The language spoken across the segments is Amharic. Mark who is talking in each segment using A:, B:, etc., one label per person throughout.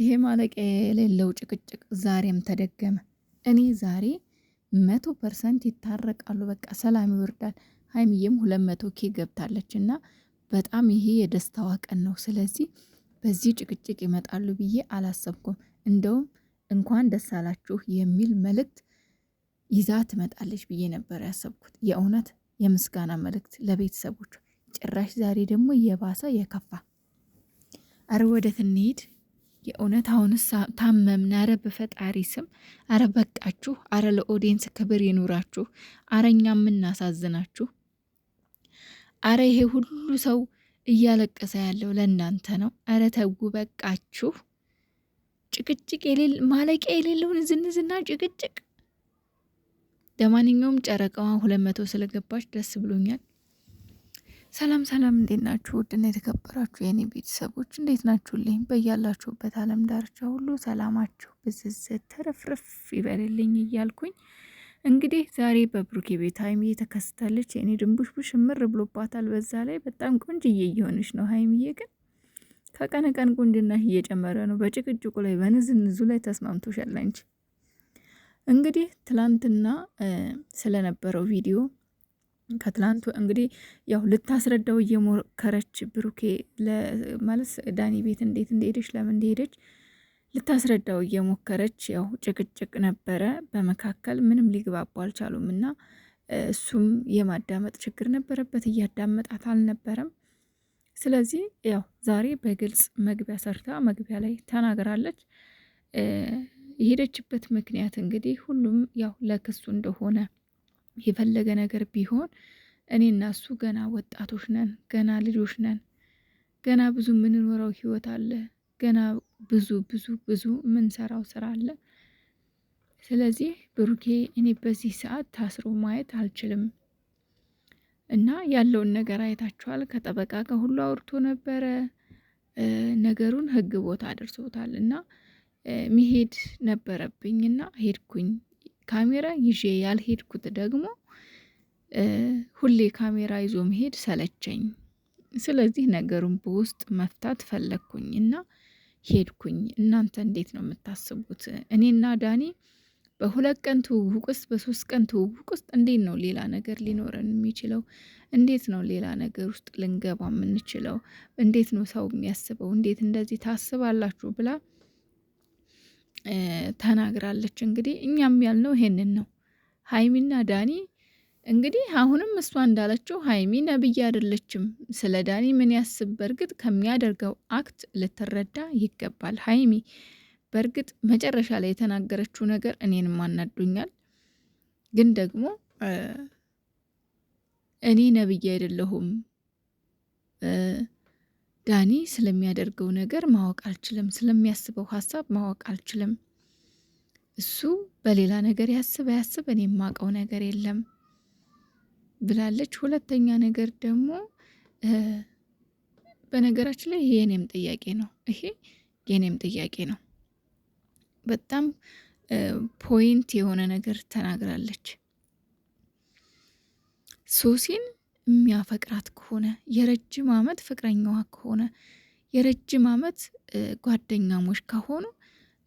A: ይሄ ማለቂያ የሌለው ጭቅጭቅ ዛሬም ተደገመ። እኔ ዛሬ መቶ ፐርሰንት ይታረቃሉ፣ በቃ ሰላም ይወርዳል። ሀይሚዬም ሁለት መቶ ኬ ገብታለች እና በጣም ይሄ የደስታዋ ቀን ነው። ስለዚህ በዚህ ጭቅጭቅ ይመጣሉ ብዬ አላሰብኩም። እንደውም እንኳን ደስ አላችሁ የሚል መልእክት ይዛ ትመጣለች ብዬ ነበር ያሰብኩት። የእውነት የምስጋና መልእክት ለቤተሰቦቿ። ጭራሽ ዛሬ ደግሞ የባሰ የከፋ አረ ወደ ትንሂድ የእውነት አሁንስ ታመምን። አረ በፈጣሪ ስም አረ በቃችሁ። አረ ለኦዲየንስ ክብር ይኑራችሁ። አረ እኛ የምናሳዝናችሁ። አረ ይሄ ሁሉ ሰው እያለቀሰ ያለው ለእናንተ ነው። አረ ተጉ በቃችሁ። ጭቅጭቅ የሌለ ማለቂያ የሌለውን ዝንዝና ጭቅጭቅ። ለማንኛውም ጨረቃዋ ሁለት መቶ ስለገባች ደስ ብሎኛል። ሰላም ሰላም፣ እንዴት ናችሁ? ውድና የተከበራችሁ የኔ ቤተሰቦች እንዴት ናችሁልኝ? በያላችሁበት ዓለም ዳርቻ ሁሉ ሰላማችሁ ብዝዝት ተረፍርፍ ይበልልኝ እያልኩኝ እንግዲህ ዛሬ በብሩኬ ቤት ሀይሚዬ ተከስታለች። የኔ ድንቡሽቡሽ ምር ብሎባታል። በዛ ላይ በጣም ቆንጅዬ እየሆነች ነው። ሀይሚዬ ግን ከቀን ቀን እየጨመረ ነው። በጭቅጭቁ ላይ በንዝንዙ ላይ ተስማምቶሻል አንቺ። እንግዲህ ትላንትና ስለነበረው ቪዲዮ ከትላንቱ እንግዲህ ያው ልታስረዳው እየሞከረች ብሩኬ ማለት ዳኒ ቤት እንዴት እንደሄደች ለምን እንደሄደች ልታስረዳው እየሞከረች ያው ጭቅጭቅ ነበረ በመካከል ምንም ሊግባቡ አልቻሉም። እና እሱም የማዳመጥ ችግር ነበረበት፣ እያዳመጣት አልነበረም። ስለዚህ ያው ዛሬ በግልጽ መግቢያ ሰርታ መግቢያ ላይ ተናግራለች። የሄደችበት ምክንያት እንግዲህ ሁሉም ያው ለክሱ እንደሆነ የፈለገ ነገር ቢሆን እኔ እና እሱ ገና ወጣቶች ነን፣ ገና ልጆች ነን፣ ገና ብዙ የምንኖረው ህይወት አለ፣ ገና ብዙ ብዙ ብዙ የምንሰራው ስራ አለ። ስለዚህ ብሩኬ እኔ በዚህ ሰዓት ታስሮ ማየት አልችልም እና ያለውን ነገር አይታችኋል። ከጠበቃ ጋር ሁሉ አውርቶ ነበረ። ነገሩን ህግ ቦታ አድርሶታል እና መሄድ ነበረብኝ እና ሄድኩኝ ካሜራ ይዤ ያልሄድኩት ደግሞ ሁሌ ካሜራ ይዞ መሄድ ሰለቸኝ። ስለዚህ ነገሩን በውስጥ መፍታት ፈለግኩኝ እና ሄድኩኝ። እናንተ እንዴት ነው የምታስቡት? እኔና ዳኒ በሁለት ቀን ትውውቅ ውስጥ በሶስት ቀን ትውውቅ ውስጥ እንዴት ነው ሌላ ነገር ሊኖረን የሚችለው? እንዴት ነው ሌላ ነገር ውስጥ ልንገባ የምንችለው? እንዴት ነው ሰው የሚያስበው? እንዴት እንደዚህ ታስባላችሁ ብላ ተናግራለች። እንግዲህ እኛም ያልነው ይሄንን ነው። ሀይሚና ዳኒ እንግዲህ አሁንም እሷ እንዳለችው ሀይሚ ነብይ አይደለችም። ስለ ዳኒ ምን ያስብ በእርግጥ ከሚያደርገው አክት ልትረዳ ይገባል። ሀይሚ በእርግጥ መጨረሻ ላይ የተናገረችው ነገር እኔንም አናዱኛል። ግን ደግሞ እኔ ነብይ አይደለሁም ዳኒ ስለሚያደርገው ነገር ማወቅ አልችልም፣ ስለሚያስበው ሀሳብ ማወቅ አልችልም። እሱ በሌላ ነገር ያስብ ያስብ እኔ የማውቀው ነገር የለም ብላለች። ሁለተኛ ነገር ደግሞ በነገራችን ላይ ይሄ የኔም ጥያቄ ነው። ይሄ የኔም ጥያቄ ነው። በጣም ፖይንት የሆነ ነገር ተናግራለች ሶሲን የሚያፈቅራት ከሆነ የረጅም ዓመት ፍቅረኛዋ ከሆነ የረጅም ዓመት ጓደኛሞች ከሆኑ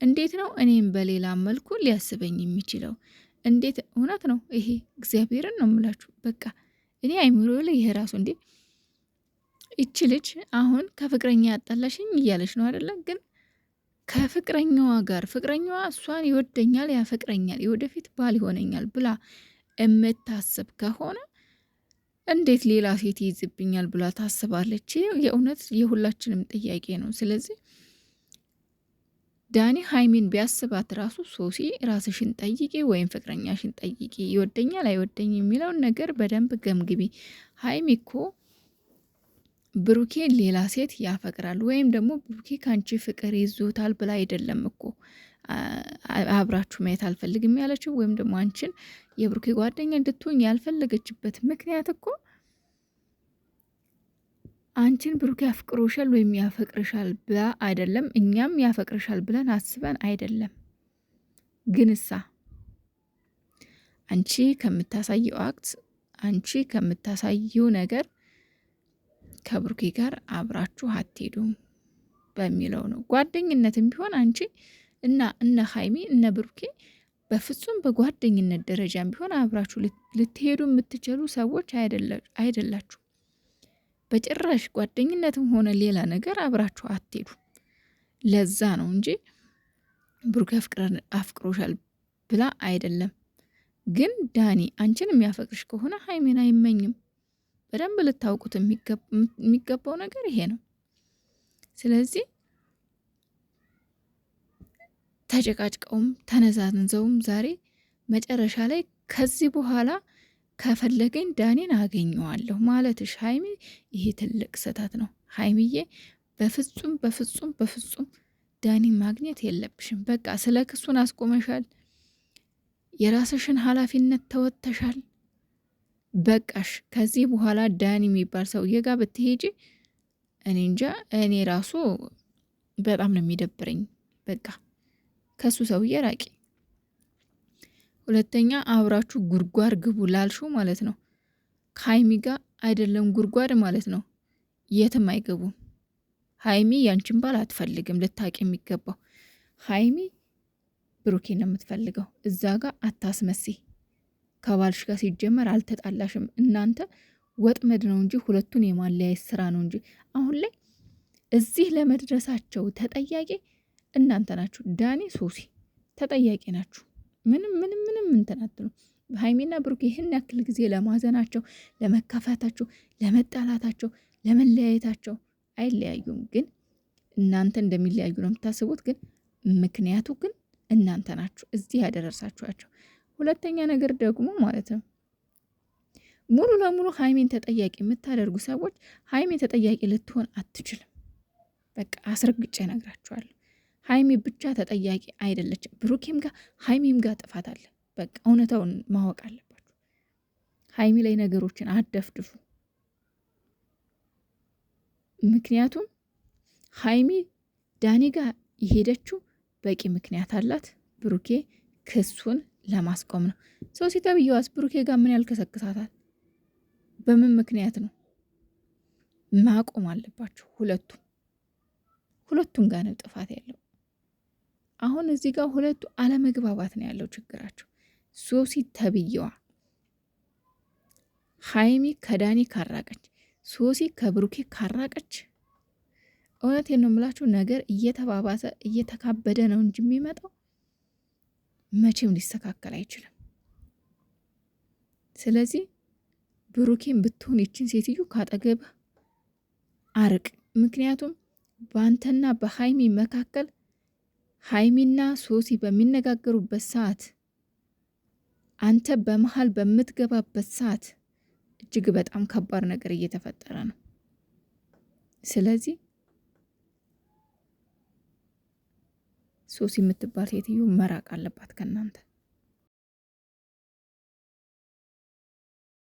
A: እንዴት ነው እኔም በሌላ መልኩ ሊያስበኝ የሚችለው? እንዴት እውነት ነው ይሄ። እግዚአብሔርን ነው የምላችሁ። በቃ እኔ አይምሮ ላይ ይሄ ራሱ እንዴ ይቺ ልጅ አሁን ከፍቅረኛ ያጣላሽኝ እያለች ነው አይደለ? ግን ከፍቅረኛዋ ጋር ፍቅረኛዋ እሷን ይወደኛል፣ ያፈቅረኛል፣ የወደፊት ባል ይሆነኛል ብላ የምታስብ ከሆነ እንዴት ሌላ ሴት ይይዝብኛል ብላ ታስባለች? የእውነት የሁላችንም ጥያቄ ነው። ስለዚህ ዳኒ ሀይሚን ቢያስባት ራሱ ሶሲ ራስሽን ጠይቂ ወይም ፍቅረኛሽን ጠይቂ፣ ይወደኛል አይወደኝ የሚለውን ነገር በደንብ ገምግቢ። ሀይሚ እኮ ብሩኬ ሌላ ሴት ያፈቅራል ወይም ደግሞ ብሩኬ ከአንቺ ፍቅር ይዞታል ብላ አይደለም እኮ አብራችሁ ማየት አልፈልግም ያለችው ወይም ደግሞ አንቺን የብሩኬ ጓደኛ እንድትሆኝ ያልፈለገችበት ምክንያት እኮ አንቺን ብሩኬ ያፍቅሮሻል ወይም ያፈቅርሻል ብላ አይደለም፣ እኛም ያፈቅርሻል ብለን አስበን አይደለም። ግን እሳ አንቺ ከምታሳየው አክት አንቺ ከምታሳየው ነገር ከብሩኬ ጋር አብራችሁ አትሄዱም በሚለው ነው። ጓደኝነትም ቢሆን አንቺ እና እነ ሀይሚ እነ ብሩኬ በፍጹም በጓደኝነት ደረጃም ቢሆን አብራችሁ ልትሄዱ የምትችሉ ሰዎች አይደላችሁ። በጭራሽ ጓደኝነትም ሆነ ሌላ ነገር አብራችሁ አትሄዱ። ለዛ ነው እንጂ ብሩኬ አፍቅሮሻል ብላ አይደለም። ግን ዳኒ አንቺን የሚያፈቅርሽ ከሆነ ሀይሜን አይመኝም። በደንብ ልታውቁት የሚገባው ነገር ይሄ ነው። ስለዚህ ተጨቃጭቀውም ተነዛንዘውም ዛሬ መጨረሻ ላይ ከዚህ በኋላ ከፈለገኝ ዳኔን አገኘዋለሁ ማለትሽ ሀይሚ፣ ይሄ ትልቅ ስህተት ነው ሀይሚዬ። በፍጹም በፍጹም በፍጹም ዳኔን ማግኘት የለብሽም። በቃ ስለ ክሱን አስቆመሻል። የራስሽን ኃላፊነት ተወጥተሻል። በቃሽ። ከዚህ በኋላ ዳኒ የሚባል ሰውዬ ጋር ብትሄጂ እኔ እንጃ፣ እኔ ራሱ በጣም ነው የሚደብረኝ በቃ ከሱ ሰውዬ ራቂ። ሁለተኛ አብራችሁ ጉድጓድ ግቡ ላልሹ ማለት ነው። ከሀይሚ ጋር አይደለም ጉድጓድ ማለት ነው። የትም አይገቡም። ሀይሚ ያንቺን ባል አትፈልግም። ልታቂ የሚገባው ሀይሚ ብሩኬ ነው የምትፈልገው። እዛ ጋር አታስመሲ። ከባልሽ ጋር ሲጀመር አልተጣላሽም እናንተ ወጥመድ ነው እንጂ ሁለቱን የማለያየት ስራ ነው እንጂ አሁን ላይ እዚህ ለመድረሳቸው ተጠያቂ እናንተ ናችሁ፣ ዳኒ ሶሲ ተጠያቂ ናችሁ። ምንም ምንም ምንም እንትን ሀይሜና ብሩክ ይህን ያክል ጊዜ ለማዘናቸው፣ ለመካፋታቸው፣ ለመጣላታቸው፣ ለመለያየታቸው አይለያዩም። ግን እናንተ እንደሚለያዩ ነው የምታስቡት። ግን ምክንያቱ ግን እናንተ ናችሁ፣ እዚህ ያደረሳችኋቸው። ሁለተኛ ነገር ደግሞ ማለት ነው ሙሉ ለሙሉ ሀይሜን ተጠያቂ የምታደርጉ ሰዎች ሀይሜን ተጠያቂ ልትሆን አትችልም። በቃ አስረግጬ ነግራችኋለሁ። ሀይሚ ብቻ ተጠያቂ አይደለችም። ብሩኬም ጋር ሀይሚም ጋር ጥፋት አለ። በቃ እውነታውን ማወቅ አለባችሁ። ሀይሚ ላይ ነገሮችን አደፍድፉ። ምክንያቱም ሀይሚ ዳኒ ጋር የሄደችው በቂ ምክንያት አላት። ብሩኬ ክሱን ለማስቆም ነው። ሰው ሲተብየዋስ ብሩኬ ጋር ምን ያልከሰክሳታል? በምን ምክንያት ነው? ማቆም አለባቸው። ሁለቱም ሁለቱም ጋር ነው ጥፋት ያለው። አሁን እዚህ ጋር ሁለቱ አለመግባባት ነው ያለው ችግራቸው። ሶሲ ተብየዋ ሀይሚ ከዳኒ ካራቀች፣ ሶሲ ከብሩኬ ካራቀች፣ እውነት ነው የምላችሁ ነገር እየተባባሰ እየተካበደ ነው እንጂ የሚመጣው መቼም ሊስተካከል አይችልም። ስለዚህ ብሩኬን ብትሆን ይችን ሴትዮ ካጠገብህ አርቅ። ምክንያቱም በአንተና በሀይሚ መካከል ሀይሚና ሶሲ በሚነጋገሩበት ሰዓት አንተ በመሀል በምትገባበት ሰዓት እጅግ በጣም ከባድ ነገር እየተፈጠረ ነው። ስለዚህ ሶሲ የምትባል ሴትዮ መራቅ አለባት ከእናንተ።